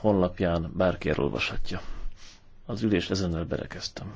honlapján bárki elolvashatja. Az ülést ezennel berekeztem.